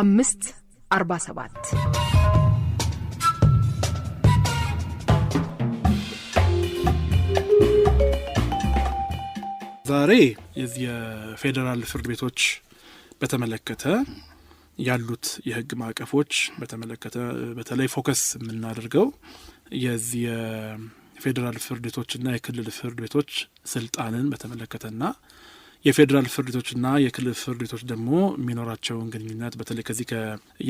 አምስት አርባ ሰባት ዛሬ የዚህ የፌዴራል ፍርድ ቤቶች በተመለከተ ያሉት የህግ ማዕቀፎች በተመለከተ በተለይ ፎከስ የምናደርገው የዚህ የፌዴራል ፍርድ ቤቶችና የክልል ፍርድ ቤቶች ስልጣንን በተመለከተና የፌዴራል ፍርድ ቤቶችና የክልል ፍርድ ቤቶች ደግሞ የሚኖራቸውን ግንኙነት በተለይ ከዚህ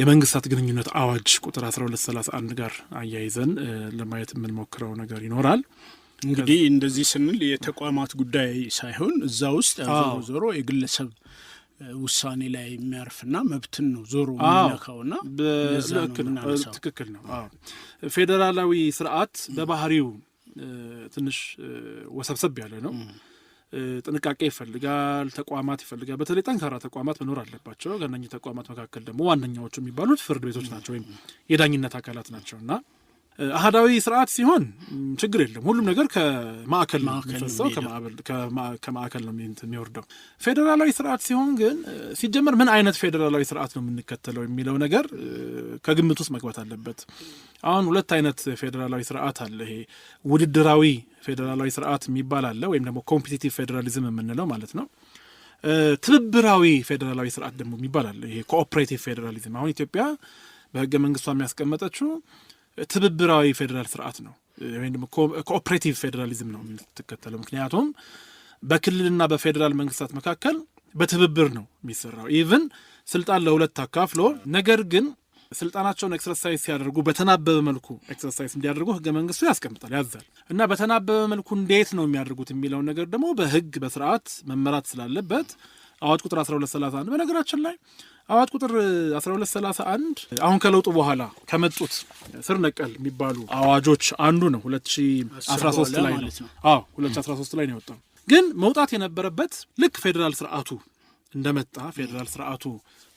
የመንግስታት ግንኙነት አዋጅ ቁጥር 1231 ጋር አያይዘን ለማየት የምንሞክረው ነገር ይኖራል። እንግዲህ እንደዚህ ስንል የተቋማት ጉዳይ ሳይሆን እዛ ውስጥ ያዘው ዞሮ የግለሰብ ውሳኔ ላይ የሚያርፍና መብትን ነው ዞሮ የሚነካውና ትክክል ነው። ፌዴራላዊ ስርዓት በባህሪው ትንሽ ወሰብሰብ ያለ ነው። ጥንቃቄ ይፈልጋል፣ ተቋማት ይፈልጋል። በተለይ ጠንካራ ተቋማት መኖር አለባቸው። ከእነኚህ ተቋማት መካከል ደግሞ ዋነኛዎቹ የሚባሉት ፍርድ ቤቶች ናቸው ወይም የዳኝነት አካላት ናቸው እና አህዳዊ ስርዓት ሲሆን ችግር የለም። ሁሉም ነገር ከማዕከል ነው ከማዕከል ነው የሚወርደው። ፌዴራላዊ ስርዓት ሲሆን ግን ሲጀመር ምን አይነት ፌዴራላዊ ስርዓት ነው የምንከተለው የሚለው ነገር ከግምት ውስጥ መግባት አለበት። አሁን ሁለት አይነት ፌዴራላዊ ስርዓት አለ። ይሄ ውድድራዊ ፌዴራላዊ ስርዓት የሚባል አለ፣ ወይም ደግሞ ኮምፒቲቲቭ ፌዴራሊዝም የምንለው ማለት ነው። ትብብራዊ ፌዴራላዊ ስርዓት ደግሞ የሚባል አለ። ይሄ ኮኦፕሬቲቭ ፌዴራሊዝም አሁን ኢትዮጵያ በህገ መንግስቷ የሚያስቀመጠችው ትብብራዊ ፌዴራል ስርዓት ነው ወይም ደግሞ ኮኦፕሬቲቭ ፌዴራሊዝም ነው የምትከተለው። ምክንያቱም በክልልና በፌዴራል መንግስታት መካከል በትብብር ነው የሚሰራው። ኢቭን ስልጣን ለሁለት አካፍሎ ነገር ግን ስልጣናቸውን ኤክሰርሳይዝ ሲያደርጉ በተናበበ መልኩ ኤክሰርሳይዝ እንዲያደርጉ ህገ መንግስቱ ያስቀምጣል፣ ያዛል። እና በተናበበ መልኩ እንዴት ነው የሚያደርጉት የሚለውን ነገር ደግሞ በህግ በስርዓት መመራት ስላለበት አዋጅ ቁጥር 1231 በነገራችን ላይ አዋጅ ቁጥር 1231 አሁን ከለውጡ በኋላ ከመጡት ስር ነቀል የሚባሉ አዋጆች አንዱ ነው። 2013 ላይ ነው። አዎ 2013 ላይ ነው የወጣው። ግን መውጣት የነበረበት ልክ ፌዴራል ስርዓቱ እንደመጣ ፌዴራል ስርዓቱ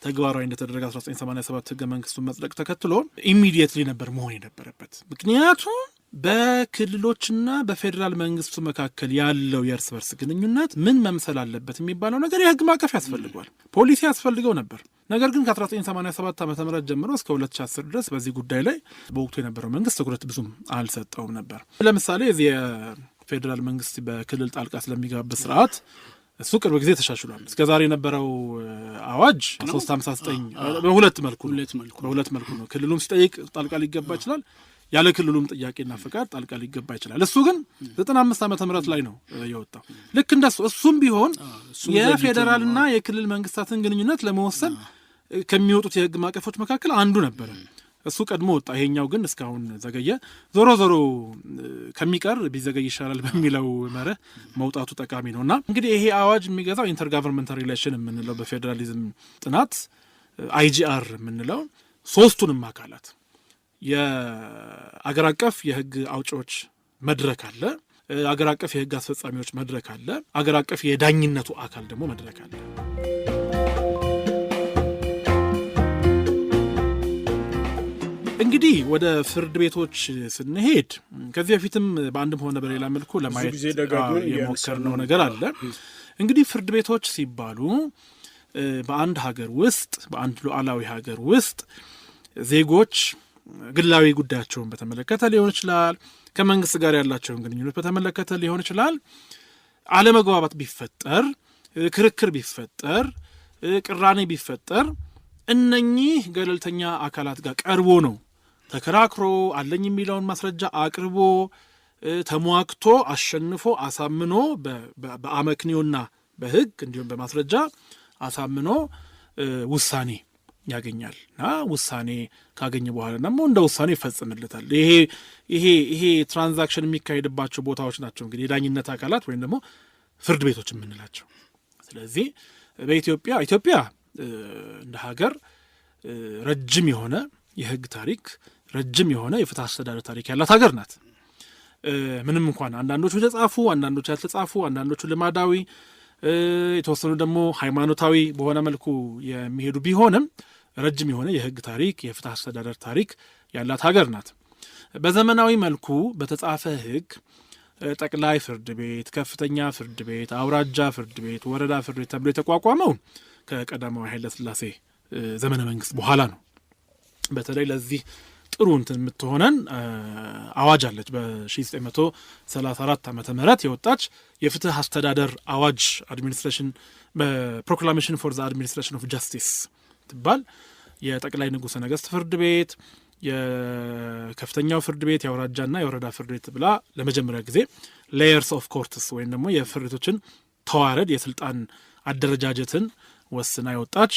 ተግባራዊ እንደተደረገ 1987 ህገ መንግስቱን መጽደቅ ተከትሎ ኢሚዲየትሊ ነበር መሆን የነበረበት ምክንያቱም በክልሎችና በፌዴራል መንግስቱ መካከል ያለው የእርስ በርስ ግንኙነት ምን መምሰል አለበት የሚባለው ነገር የህግ ማዕቀፍ ያስፈልገዋል። ፖሊሲ ያስፈልገው ነበር። ነገር ግን ከ1987 ዓ ም ጀምሮ እስከ 2010 ድረስ በዚህ ጉዳይ ላይ በወቅቱ የነበረው መንግስት ትኩረት ብዙም አልሰጠውም ነበር። ለምሳሌ የዚህ የፌዴራል መንግስት በክልል ጣልቃ ስለሚገባበት ስርዓት እሱ ቅርብ ጊዜ ተሻሽሏል። እስከ ዛሬ የነበረው አዋጅ 359 በሁለት መልኩ ነው በሁለት መልኩ ነው። ክልሉም ሲጠይቅ ጣልቃ ሊገባ ይችላል ያለ ክልሉም ጥያቄና ፍቃድ ጣልቃ ሊገባ ይችላል። እሱ ግን ዘጠና አምስት ዓመተ ምህረት ላይ ነው የወጣው። ልክ እንደሱ እሱም ቢሆን የፌዴራልና የክልል መንግስታትን ግንኙነት ለመወሰን ከሚወጡት የህግ ማቀፎች መካከል አንዱ ነበረ። እሱ ቀድሞ ወጣ። ይሄኛው ግን እስካሁን ዘገየ። ዞሮ ዞሮ ከሚቀር ቢዘገይ ይሻላል በሚለው መርህ መውጣቱ ጠቃሚ ነው እና እንግዲህ ይሄ አዋጅ የሚገዛው ኢንተርጋቨርንመንታል ሪሌሽን የምንለው በፌዴራሊዝም ጥናት አይጂአር የምንለው ሶስቱንም አካላት የአገር አቀፍ የህግ አውጪዎች መድረክ አለ። አገር አቀፍ የህግ አስፈጻሚዎች መድረክ አለ። አገር አቀፍ የዳኝነቱ አካል ደግሞ መድረክ አለ። እንግዲህ ወደ ፍርድ ቤቶች ስንሄድ ከዚህ በፊትም በአንድም ሆነ በሌላ መልኩ ለማየት የሞከርነው ነገር አለ። እንግዲህ ፍርድ ቤቶች ሲባሉ በአንድ ሀገር ውስጥ በአንድ ሉዓላዊ ሀገር ውስጥ ዜጎች ግላዊ ጉዳያቸውን በተመለከተ ሊሆን ይችላል፣ ከመንግስት ጋር ያላቸውን ግንኙነት በተመለከተ ሊሆን ይችላል። አለመግባባት ቢፈጠር፣ ክርክር ቢፈጠር፣ ቅራኔ ቢፈጠር እነኚህ ገለልተኛ አካላት ጋር ቀርቦ ነው ተከራክሮ አለኝ የሚለውን ማስረጃ አቅርቦ ተሟግቶ አሸንፎ አሳምኖ በአመክንዮና በሕግ እንዲሁም በማስረጃ አሳምኖ ውሳኔ ያገኛል እና ውሳኔ ካገኘ በኋላ ደግሞ እንደ ውሳኔ ይፈጽምለታል። ይሄ ይሄ ይሄ ትራንዛክሽን የሚካሄድባቸው ቦታዎች ናቸው እንግዲህ የዳኝነት አካላት ወይም ደግሞ ፍርድ ቤቶች የምንላቸው። ስለዚህ በኢትዮጵያ ኢትዮጵያ እንደ ሀገር ረጅም የሆነ የህግ ታሪክ ረጅም የሆነ የፍትህ አስተዳደር ታሪክ ያላት ሀገር ናት። ምንም እንኳን አንዳንዶቹ የተጻፉ አንዳንዶቹ ያልተጻፉ አንዳንዶቹ ልማዳዊ የተወሰኑ ደግሞ ሃይማኖታዊ በሆነ መልኩ የሚሄዱ ቢሆንም ረጅም የሆነ የህግ ታሪክ፣ የፍትህ አስተዳደር ታሪክ ያላት ሀገር ናት። በዘመናዊ መልኩ በተጻፈ ህግ ጠቅላይ ፍርድ ቤት፣ ከፍተኛ ፍርድ ቤት፣ አውራጃ ፍርድ ቤት፣ ወረዳ ፍርድ ቤት ተብሎ የተቋቋመው ከቀዳማዊ ስላሴ ዘመነ መንግስት በኋላ ነው። በተለይ ለዚህ ጥሩ እንትን የምትሆነን አዋጅ አለች። በ1934 ዓ ምህረት የወጣች የፍትህ አስተዳደር አዋጅ አድሚኒስትሬሽን በፕሮክላሜሽን ፎር ዘ አድሚኒስትሬሽን ኦፍ ጃስቲስ ትባል የጠቅላይ ንጉሠ ነገሥት ፍርድ ቤት የከፍተኛው ፍርድ ቤት የአውራጃና የወረዳ ፍርድ ቤት ብላ ለመጀመሪያ ጊዜ ሌየርስ ኦፍ ኮርትስ ወይም ደግሞ የፍርድ ቤቶችን ተዋረድ የስልጣን አደረጃጀትን ወስና የወጣች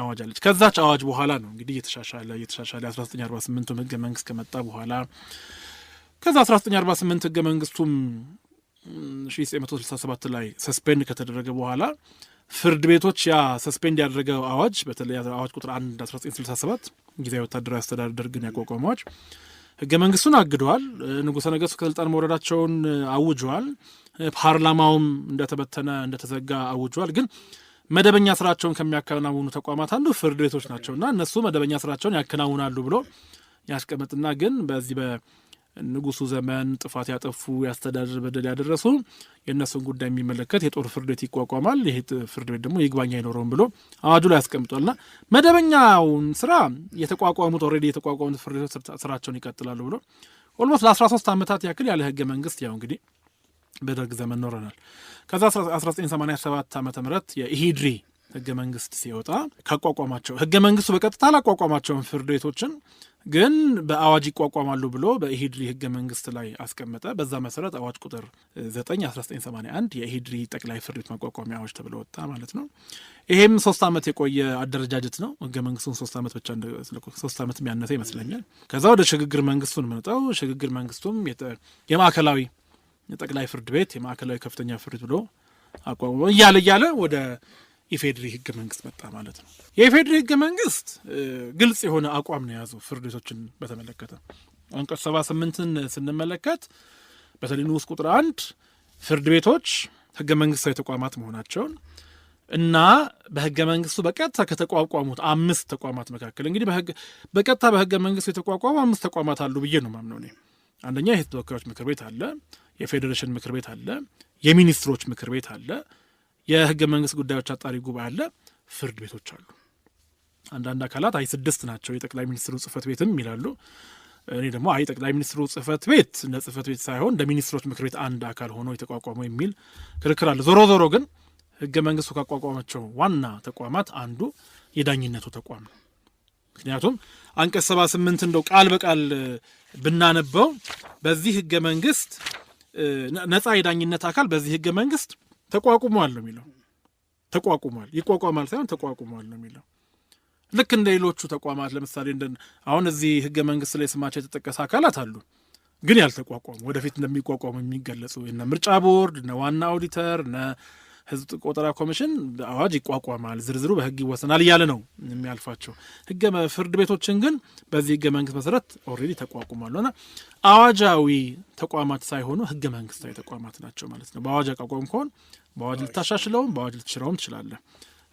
አዋጅ አለች። ከዛች አዋጅ በኋላ ነው እንግዲህ እየተሻሻለ እየተሻሻለ 1948ቱም ህገ መንግስት ከመጣ በኋላ ከዛ 1948 ህገ መንግስቱም 1967 ላይ ሰስፔንድ ከተደረገ በኋላ ፍርድ ቤቶች ያ ሰስፔንድ ያደረገው አዋጅ በተለይ አዋጅ ቁጥር 1 1967 ጊዜያዊ ወታደራዊ አስተዳደር ደርግን ያቋቋመ አዋጅ ህገ መንግስቱን አግደዋል። ንጉሠ ነገሥቱ ከስልጣን መውረዳቸውን አውጀዋል። ፓርላማውም እንደተበተነ እንደተዘጋ አውጀዋል። ግን መደበኛ ስራቸውን ከሚያከናውኑ ተቋማት አንዱ ፍርድ ቤቶች ናቸው እና እነሱ መደበኛ ስራቸውን ያከናውናሉ ብሎ ያስቀምጥና ግን በዚህ በንጉሱ ዘመን ጥፋት ያጠፉ የአስተዳደር በደል ያደረሱ የእነሱን ጉዳይ የሚመለከት የጦር ፍርድ ቤት ይቋቋማል። ይህ ፍርድ ቤት ደግሞ ይግባኝ አይኖረውም ብሎ አዋጁ ላይ ያስቀምጧል እና መደበኛውን ስራ የተቋቋሙት ኦልሬዲ የተቋቋሙት ፍርድ ቤቶች ስራቸውን ይቀጥላሉ ብሎ ኦልሞስት ለአስራ ሶስት ዓመታት ያክል ያለ ህገ መንግስት ያው እንግዲህ በደርግ ዘመን ኖረናል። ከዛ 1987 ዓ ም የኢሂድሪ ህገ መንግስት ሲወጣ ካቋቋማቸው ህገ መንግስቱ በቀጥታ አላቋቋማቸውን ፍርድ ቤቶችን ግን በአዋጅ ይቋቋማሉ ብሎ በኢሂድሪ ህገ መንግስት ላይ አስቀመጠ። በዛ መሰረት አዋጅ ቁጥር 9 1981 የኢሂድሪ ጠቅላይ ፍርድ ቤት ማቋቋሚያ አዋጅ ተብሎ ወጣ ማለት ነው። ይሄም ሶስት ዓመት የቆየ አደረጃጀት ነው። ህገ መንግስቱን ሶስት ዓመት ብቻ ሶስት ዓመት የሚያነሰ ይመስለኛል። ከዛ ወደ ሽግግር መንግስቱን መጣው። ሽግግር መንግስቱም የማዕከላዊ ጠቅላይ ፍርድ ቤት የማዕከላዊ ከፍተኛ ፍርድ ብሎ አቋቁሞ እያለ እያለ ወደ ኢፌድሪ ህገ መንግስት መጣ ማለት ነው። የኢፌድሪ ህገ መንግስት ግልጽ የሆነ አቋም ነው የያዘው ፍርድ ቤቶችን በተመለከተ አንቀጽ ሰባ ስምንትን ስንመለከት በተለይ ንዑስ ቁጥር አንድ ፍርድ ቤቶች ህገ መንግስታዊ ተቋማት መሆናቸውን እና በህገ መንግስቱ በቀጥታ ከተቋቋሙት አምስት ተቋማት መካከል እንግዲህ በቀጥታ በህገ መንግስቱ የተቋቋሙ አምስት ተቋማት አሉ ብዬ ነው ማምነው እኔ አንደኛ የህዝብ ተወካዮች ምክር ቤት አለ የፌዴሬሽን ምክር ቤት አለ፣ የሚኒስትሮች ምክር ቤት አለ፣ የህገ መንግስት ጉዳዮች አጣሪ ጉባኤ አለ፣ ፍርድ ቤቶች አሉ። አንዳንድ አካላት አይ ስድስት ናቸው የጠቅላይ ሚኒስትሩ ጽህፈት ቤትም ይላሉ። እኔ ደግሞ አይ ጠቅላይ ሚኒስትሩ ጽህፈት ቤት እንደ ጽህፈት ቤት ሳይሆን እንደ ሚኒስትሮች ምክር ቤት አንድ አካል ሆኖ የተቋቋመው የሚል ክርክር አለ። ዞሮ ዞሮ ግን ህገ መንግስቱ ካቋቋማቸው ዋና ተቋማት አንዱ የዳኝነቱ ተቋም ነው። ምክንያቱም አንቀጽ ሰባ ስምንት እንደው ቃል በቃል ብናነበው በዚህ ህገ መንግስት ነፃ የዳኝነት አካል በዚህ ህገ መንግስት ተቋቁሟል ነው የሚለው። ተቋቁሟል ይቋቋማል ሳይሆን ተቋቁሟል ነው የሚለው። ልክ እንደ ሌሎቹ ተቋማት ለምሳሌ እንደ አሁን እዚህ ህገ መንግስት ላይ ስማቸው የተጠቀሰ አካላት አሉ፣ ግን ያልተቋቋሙ ወደፊት እንደሚቋቋሙ የሚገለጹ እነ ምርጫ ቦርድ፣ እነ ዋና ኦዲተር፣ እነ ህዝብ ቆጠራ ኮሚሽን አዋጅ ይቋቋማል፣ ዝርዝሩ በህግ ይወሰናል እያለ ነው የሚያልፋቸው። ህገ ፍርድ ቤቶችን ግን በዚህ ህገ መንግስት መሰረት ኦልሬዲ ተቋቁሟሉ እና አዋጃዊ ተቋማት ሳይሆኑ ህገ መንግስታዊ ተቋማት ናቸው ማለት ነው። በአዋጅ አቋቋም ከሆን በአዋጅ ልታሻሽለውም በአዋጅ ልትሽረውም ትችላለህ።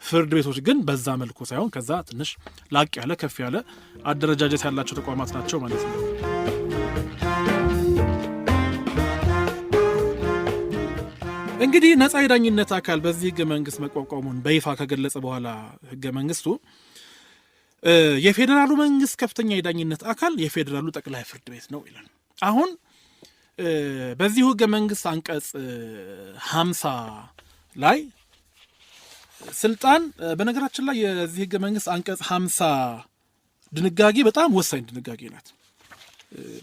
ፍርድ ቤቶች ግን በዛ መልኩ ሳይሆን ከዛ ትንሽ ላቅ ያለ ከፍ ያለ አደረጃጀት ያላቸው ተቋማት ናቸው ማለት ነው። እንግዲህ ነጻ የዳኝነት አካል በዚህ ህገ መንግስት መቋቋሙን በይፋ ከገለጸ በኋላ ህገ መንግስቱ የፌዴራሉ መንግስት ከፍተኛ የዳኝነት አካል የፌዴራሉ ጠቅላይ ፍርድ ቤት ነው ይላል። አሁን በዚሁ ህገ መንግስት አንቀጽ ሀምሳ ላይ ስልጣን በነገራችን ላይ የዚህ ህገ መንግስት አንቀጽ ሀምሳ ድንጋጌ በጣም ወሳኝ ድንጋጌ ናት።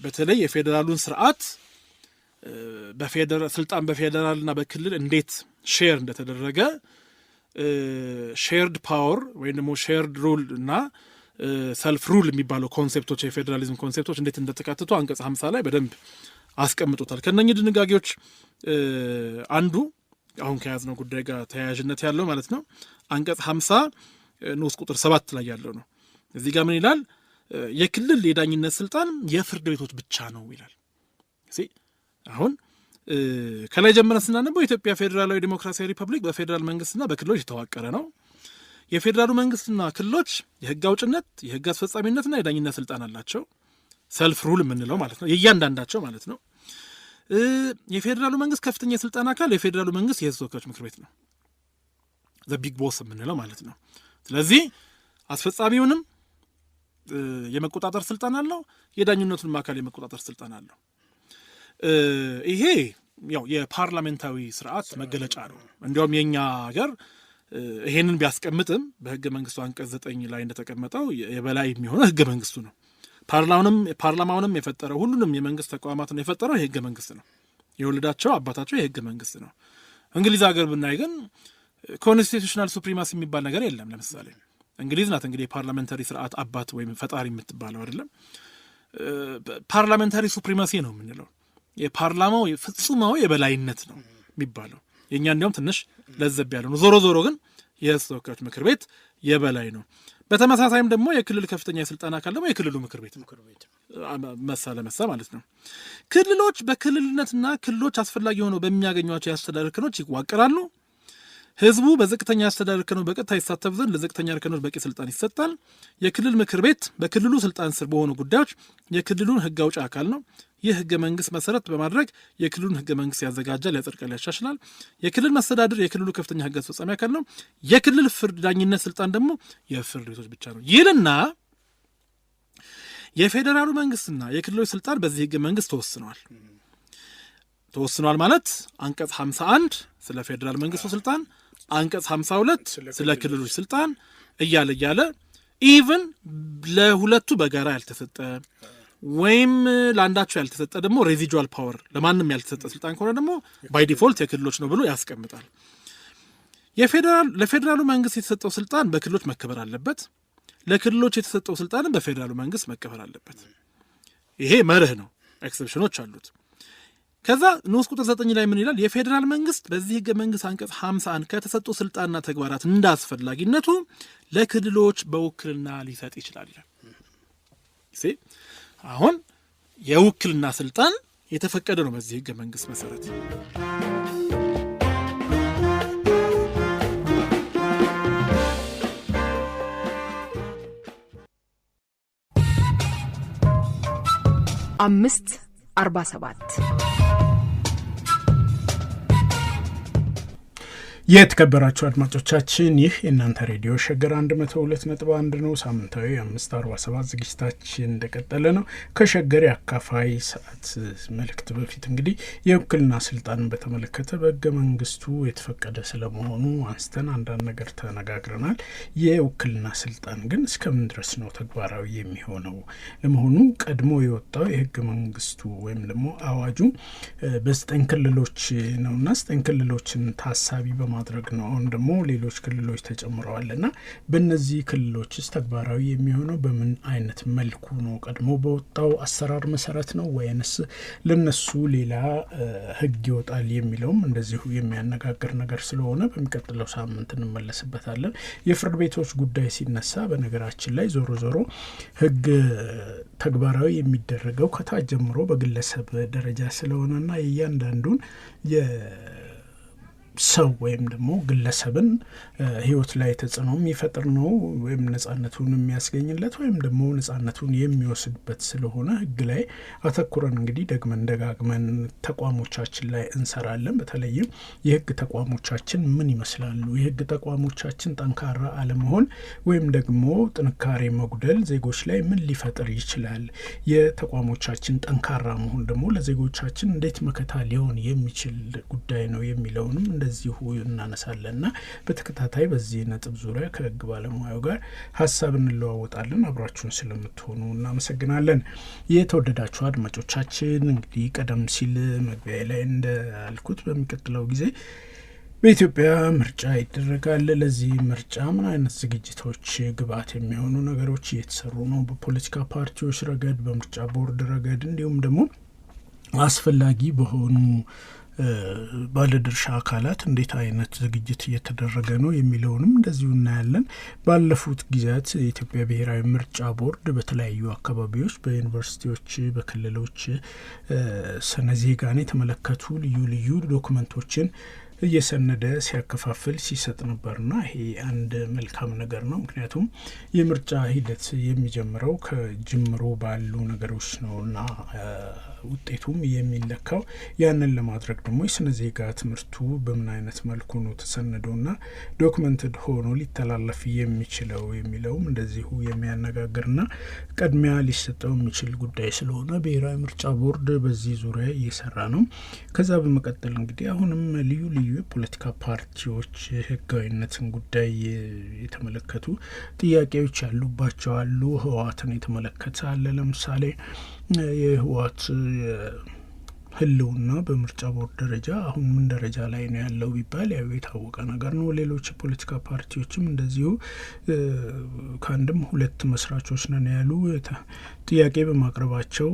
በተለይ የፌዴራሉን ስርዓት ስልጣን እና በክልል እንዴት ሼር እንደተደረገ ሼርድ ፓወር ወይም ደግሞ ሼርድ ሩል እና ሰልፍ ሩል የሚባለው ኮንሴፕቶች የፌዴራሊዝም ኮንሴፕቶች እንዴት እንደተካተቱ አንቀጽ ሀምሳ ላይ በደንብ አስቀምጦታል። ከእነኚህ ድንጋጌዎች አንዱ አሁን ከያዝነው ጉዳይ ጋር ተያያዥነት ያለው ማለት ነው አንቀጽ ሀምሳ ንዑስ ቁጥር ሰባት ላይ ያለው ነው። እዚህ ጋር ምን ይላል? የክልል የዳኝነት ስልጣን የፍርድ ቤቶች ብቻ ነው ይላል። አሁን ከላይ ጀምረን ስናነበው የኢትዮጵያ ፌዴራላዊ ዲሞክራሲያዊ ሪፐብሊክ በፌዴራል መንግስትና በክልሎች የተዋቀረ ነው። የፌዴራሉ መንግስትና ክልሎች የህግ አውጭነት፣ የህግ አስፈጻሚነትና የዳኝነት ስልጣን አላቸው። ሰልፍ ሩል የምንለው ማለት ነው፣ የእያንዳንዳቸው ማለት ነው። የፌዴራሉ መንግስት ከፍተኛ የስልጣን አካል የፌዴራሉ መንግስት የህዝብ ተወካዮች ምክር ቤት ነው፣ ዘ ቢግ ቦስ የምንለው ማለት ነው። ስለዚህ አስፈጻሚውንም የመቆጣጠር ስልጣን አለው፣ የዳኝነቱንም አካል የመቆጣጠር ስልጣን አለው። ይሄ ያው የፓርላሜንታዊ ስርዓት መገለጫ ነው። እንዲያውም የእኛ ሀገር ይሄንን ቢያስቀምጥም በህገ መንግስቱ አንቀጽ ዘጠኝ ላይ እንደተቀመጠው የበላይ የሚሆነው ህገ መንግስቱ ነው። ፓርላማውንም የፈጠረው ሁሉንም የመንግስት ተቋማትን የፈጠረው የህገ መንግስት ነው። የወለዳቸው አባታቸው የህገ መንግስት ነው። እንግሊዝ ሀገር ብናይ ግን ኮንስቲቱሽናል ሱፕሪማሲ የሚባል ነገር የለም። ለምሳሌ እንግሊዝ ናት እንግዲህ የፓርላሜንታሪ ስርዓት አባት ወይም ፈጣሪ የምትባለው አይደለም። ፓርላሜንታሪ ሱፕሪማሲ ነው የምንለው የፓርላማው ፍጹማዊ የበላይነት ነው የሚባለው። የእኛ እንዲሁም ትንሽ ለዘብ ያለ ነው። ዞሮ ዞሮ ግን የህዝብ ተወካዮች ምክር ቤት የበላይ ነው። በተመሳሳይም ደግሞ የክልል ከፍተኛ የስልጣን አካል ደግሞ የክልሉ ምክር ቤት መሳ ለመሳ ማለት ነው። ክልሎች በክልልነትና ክልሎች አስፈላጊ ሆነው በሚያገኟቸው የአስተዳደር ክኖች ይዋቀራሉ፣ ህዝቡ በዝቅተኛ አስተዳደር እርከኖች በቀጥታ ይሳተፍ ዘንድ ለዝቅተኛ እርከኖች በቂ ስልጣን ይሰጣል። የክልል ምክር ቤት በክልሉ ስልጣን ስር በሆኑ ጉዳዮች የክልሉን ህግ አውጭ አካል ነው። ይህ ህገ መንግስት መሰረት በማድረግ የክልሉን ህገ መንግስት ያዘጋጃል፣ ያጸድቃል፣ ያሻሽላል። የክልል መስተዳድር የክልሉ ከፍተኛ ህግ አስፈጻሚ አካል ነው። የክልል ፍርድ ዳኝነት ስልጣን ደግሞ የፍርድ ቤቶች ብቻ ነው ይልና የፌዴራሉ መንግስትና የክልሎች ስልጣን በዚህ ህገ መንግስት ተወስነዋል። ተወስኗል ማለት አንቀጽ 51 ስለ ፌዴራል መንግስቱ ስልጣን አንቀጽ 52 ስለ ክልሎች ስልጣን እያለ እያለ ኢቨን ለሁለቱ በጋራ ያልተሰጠ ወይም ለአንዳቸው ያልተሰጠ ደግሞ ሬዚጁዋል ፓወር ለማንም ያልተሰጠ ስልጣን ከሆነ ደግሞ ባይ ዲፎልት የክልሎች ነው ብሎ ያስቀምጣል። ለፌዴራሉ መንግስት የተሰጠው ስልጣን በክልሎች መከበር አለበት። ለክልሎች የተሰጠው ስልጣንም በፌዴራሉ መንግስት መከበር አለበት። ይሄ መርህ ነው። ኤክሰፕሽኖች አሉት። ከዛ ንዑስ ቁጥር ዘጠኝ ላይ ምን ይላል? የፌዴራል መንግስት በዚህ ህገ መንግስት አንቀጽ 51 ከተሰጡ ስልጣንና ተግባራት እንዳስፈላጊነቱ ለክልሎች በውክልና ሊሰጥ ይችላል አሁን የውክልና ስልጣን የተፈቀደ ነው በዚህ ህገ መንግስት መሰረት። አምስት 47 የተከበራችሁ አድማጮቻችን ይህ የእናንተ ሬዲዮ ሸገር 1 ነው። ሳምንታዊ 547 ዝግጅታችን እንደቀጠለ ነው። ከሸገር የአካፋይ ሰዓት መልእክት በፊት እንግዲህ የውክልና ስልጣንን በተመለከተ በህገ መንግስቱ የተፈቀደ ስለመሆኑ አንስተን አንዳንድ ነገር ተነጋግረናል። የውክልና ስልጣን ግን እስከምን ድረስ ነው ተግባራዊ የሚሆነው? ለመሆኑ ቀድሞ የወጣው የህገ መንግስቱ ወይም ደግሞ አዋጁ በዘጠኝ ክልሎች ነውና ዘጠኝ ክልሎችን ታሳቢ በማ ማድረግ ነው። አሁን ደግሞ ሌሎች ክልሎች ተጨምረዋል እና በእነዚህ ክልሎችስ ተግባራዊ የሚሆነው በምን አይነት መልኩ ነው? ቀድሞ በወጣው አሰራር መሰረት ነው ወይንስ ለነሱ ሌላ ህግ ይወጣል የሚለውም እንደዚሁ የሚያነጋግር ነገር ስለሆነ በሚቀጥለው ሳምንት እንመለስበታለን። የፍርድ ቤቶች ጉዳይ ሲነሳ በነገራችን ላይ ዞሮ ዞሮ ህግ ተግባራዊ የሚደረገው ከታች ጀምሮ በግለሰብ ደረጃ ስለሆነና የእያንዳንዱን ሰው ወይም ደግሞ ግለሰብን ህይወት ላይ ተጽዕኖ የሚፈጥር ነው ወይም ነጻነቱን የሚያስገኝለት ወይም ደግሞ ነጻነቱን የሚወስድበት ስለሆነ ህግ ላይ አተኩረን እንግዲህ ደግመን ደጋግመን ተቋሞቻችን ላይ እንሰራለን። በተለይም የህግ ተቋሞቻችን ምን ይመስላሉ? የህግ ተቋሞቻችን ጠንካራ አለመሆን ወይም ደግሞ ጥንካሬ መጉደል ዜጎች ላይ ምን ሊፈጥር ይችላል? የተቋሞቻችን ጠንካራ መሆን ደግሞ ለዜጎቻችን እንዴት መከታ ሊሆን የሚችል ጉዳይ ነው የሚለውንም እንደዚሁ እናነሳለን ና በተከታታይ በዚህ ነጥብ ዙሪያ ከህግ ባለሙያው ጋር ሀሳብ እንለዋወጣለን። አብራችሁን ስለምትሆኑ እናመሰግናለን። የተወደዳችሁ አድማጮቻችን እንግዲህ ቀደም ሲል መግቢያ ላይ እንዳልኩት በሚቀጥለው ጊዜ በኢትዮጵያ ምርጫ ይደረጋል። ለዚህ ምርጫ ምን አይነት ዝግጅቶች ግብአት የሚሆኑ ነገሮች እየተሰሩ ነው? በፖለቲካ ፓርቲዎች ረገድ፣ በምርጫ ቦርድ ረገድ እንዲሁም ደግሞ አስፈላጊ በሆኑ ባለድርሻ አካላት እንዴት አይነት ዝግጅት እየተደረገ ነው የሚለውንም እንደዚሁ እናያለን። ባለፉት ጊዜያት የኢትዮጵያ ብሔራዊ ምርጫ ቦርድ በተለያዩ አካባቢዎች በዩኒቨርሲቲዎች፣ በክልሎች ስነ ዜጋን የተመለከቱ ልዩ ልዩ ዶክመንቶችን እየሰነደ ሲያከፋፍል ሲሰጥ ነበርና ይሄ አንድ መልካም ነገር ነው። ምክንያቱም የምርጫ ሂደት የሚጀምረው ከጅምሮ ባሉ ነገሮች ነውና ውጤቱም የሚለካው ያንን ለማድረግ ደግሞ የስነ ዜጋ ትምህርቱ በምን አይነት መልኩ ነው ተሰንዶና ዶክመንትድ ሆኖ ሊተላለፍ የሚችለው የሚለውም እንደዚሁ የሚያነጋግርና ቅድሚያ ሊሰጠው የሚችል ጉዳይ ስለሆነ ብሔራዊ ምርጫ ቦርድ በዚህ ዙሪያ እየሰራ ነው። ከዛ በመቀጠል እንግዲህ አሁንም ልዩ ልዩ የፖለቲካ ፓርቲዎች ህጋዊነትን ጉዳይ የተመለከቱ ጥያቄዎች ያሉባቸው አሉ። ህወሓትን የተመለከተ አለ ለምሳሌ የህወሓት ህልውና በምርጫ ቦርድ ደረጃ አሁን ምን ደረጃ ላይ ነው ያለው ቢባል ያው የታወቀ ነገር ነው። ሌሎች የፖለቲካ ፓርቲዎችም እንደዚሁ ከአንድም ሁለት መስራቾች ነን ያሉ ጥያቄ በማቅረባቸው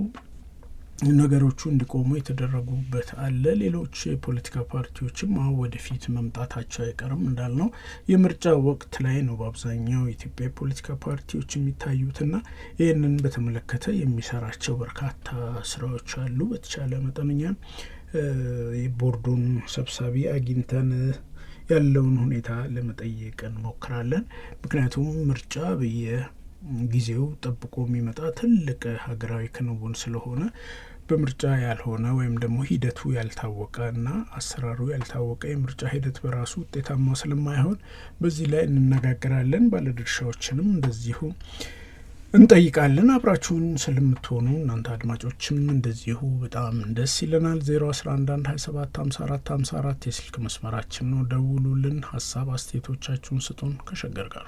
ነገሮቹ እንዲቆሙ የተደረጉበት አለ። ሌሎች የፖለቲካ ፓርቲዎችም አሁን ወደፊት መምጣታቸው አይቀርም። እንዳልነው የምርጫ ወቅት ላይ ነው በአብዛኛው የኢትዮጵያ የፖለቲካ ፓርቲዎች የሚታዩትና ይህንን በተመለከተ የሚሰራቸው በርካታ ስራዎች አሉ። በተቻለ መጠነኛ የቦርዱን ሰብሳቢ አግኝተን ያለውን ሁኔታ ለመጠየቅ እንሞክራለን። ምክንያቱም ምርጫ በየ ጊዜው ጠብቆ የሚመጣ ትልቅ ሀገራዊ ክንውን ስለሆነ በምርጫ ያልሆነ ወይም ደግሞ ሂደቱ ያልታወቀ እና አሰራሩ ያልታወቀ የምርጫ ሂደት በራሱ ውጤታማ ስለማይሆን በዚህ ላይ እንነጋገራለን። ባለድርሻዎችንም እንደዚሁ እንጠይቃለን። አብራችሁን ስለምትሆኑ እናንተ አድማጮችም እንደዚሁ በጣም ደስ ይለናል። 54 የስልክ መስመራችን ነው። ደውሉልን። ሀሳብ አስተያየቶቻችሁን ስጡን። ከሸገር ጋር